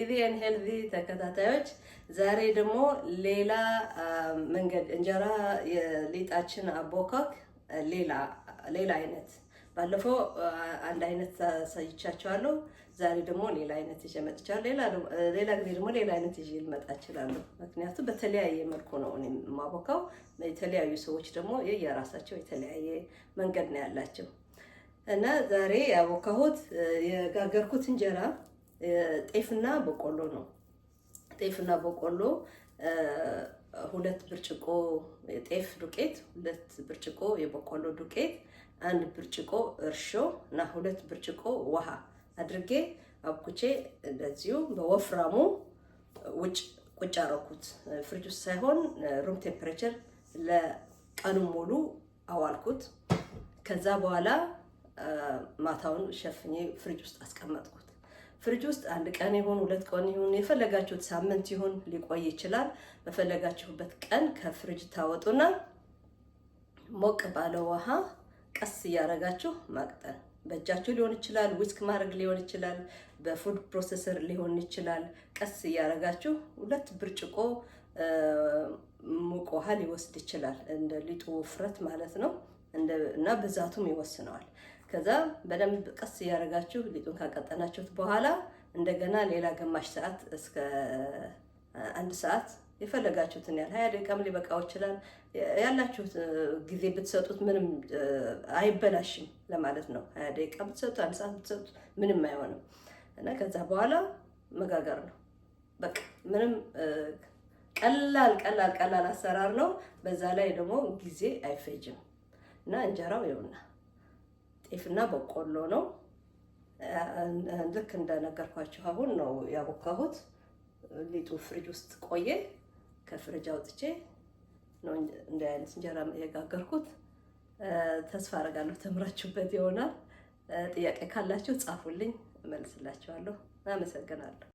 ኢቪኤን ሄልዚ ተከታታዮች ዛሬ ደግሞ ሌላ መንገድ እንጀራ የሊጣችን አቦካክ ሌላ አይነት ባለፈው አንድ አይነት ሳይቻቸዋለሁ። ዛሬ ደግሞ ሌላ አይነት ይዤ መጥቻለሁ። ሌላ ጊዜ ደግሞ ሌላ አይነት ይዤ ልመጣ እችላለሁ። ምክንያቱም በተለያየ መልኩ ነው እኔ የማቦካው። የተለያዩ ሰዎች ደግሞ የራሳቸው የተለያየ መንገድ ነው ያላቸው እና ዛሬ ያቦካሁት የጋገርኩት እንጀራ ጤፍና በቆሎ ነው። ጤፍና በቆሎ ሁለት ብርጭቆ ጤፍ ዱቄት፣ ሁለት ብርጭቆ የበቆሎ ዱቄት፣ አንድ ብርጭቆ እርሾ እና ሁለት ብርጭቆ ውሃ አድርጌ አብኩቼ እንደዚሁ በወፍራሙ ውጭ ቁጭ አረኩት። ፍሪጅ ውስጥ ሳይሆን ሩም ቴምፕሬቸር ለቀኑ ሙሉ አዋልኩት። ከዛ በኋላ ማታውን ሸፍኜ ፍሪጅ ውስጥ አስቀመጥኩት። ፍሪጅ ውስጥ አንድ ቀን ይሁን ሁለት ቀን ይሁን የፈለጋችሁት ሳምንት ይሁን ሊቆይ ይችላል። በፈለጋችሁበት ቀን ከፍሪጅ ታወጡና ሞቅ ባለ ውሃ ቀስ እያደረጋችሁ ማቅጠን በእጃችሁ ሊሆን ይችላል፣ ዊስክ ማድረግ ሊሆን ይችላል፣ በፉድ ፕሮሰሰር ሊሆን ይችላል። ቀስ እያደረጋችሁ ሁለት ብርጭቆ ሙቅ ውሃ ሊወስድ ይችላል። እንደ ሊጡ ውፍረት ማለት ነው እና ብዛቱም ይወስነዋል። ከዛ በደንብ ቀስ እያደረጋችሁ ሊጡን ካቀጠናችሁት በኋላ እንደገና ሌላ ግማሽ ሰዓት እስከ አንድ ሰዓት የፈለጋችሁትን ያህል ሀያ ደቂቃም ሊበቃው ይችላል። ያላችሁት ጊዜ ብትሰጡት ምንም አይበላሽም ለማለት ነው። ሀያ ደቂቃ ብትሰጡ፣ አንድ ሰዓት ብትሰጡ ምንም አይሆንም እና ከዛ በኋላ መጋገር ነው በቃ ምንም ቀላል ቀላል ቀላል አሰራር ነው። በዛ ላይ ደግሞ ጊዜ አይፈጅም እና እንጀራው ይውና ጤፍና በቆሎ ነው። ልክ እንደነገርኳችሁ አሁን ነው ያቦካሁት። ሊጡ ፍሪጅ ውስጥ ቆየ። ከፍሪጅ አውጥቼ ነው እንደ አይነት እንጀራ የጋገርኩት። ተስፋ አደርጋለሁ ተምራችሁበት ይሆናል። ጥያቄ ካላችሁ ጻፉልኝ፣ እመልስላችኋለሁ። አመሰግናለሁ።